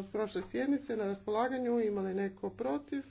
od prošle sjednice na raspolaganju. Ima li neko protiv?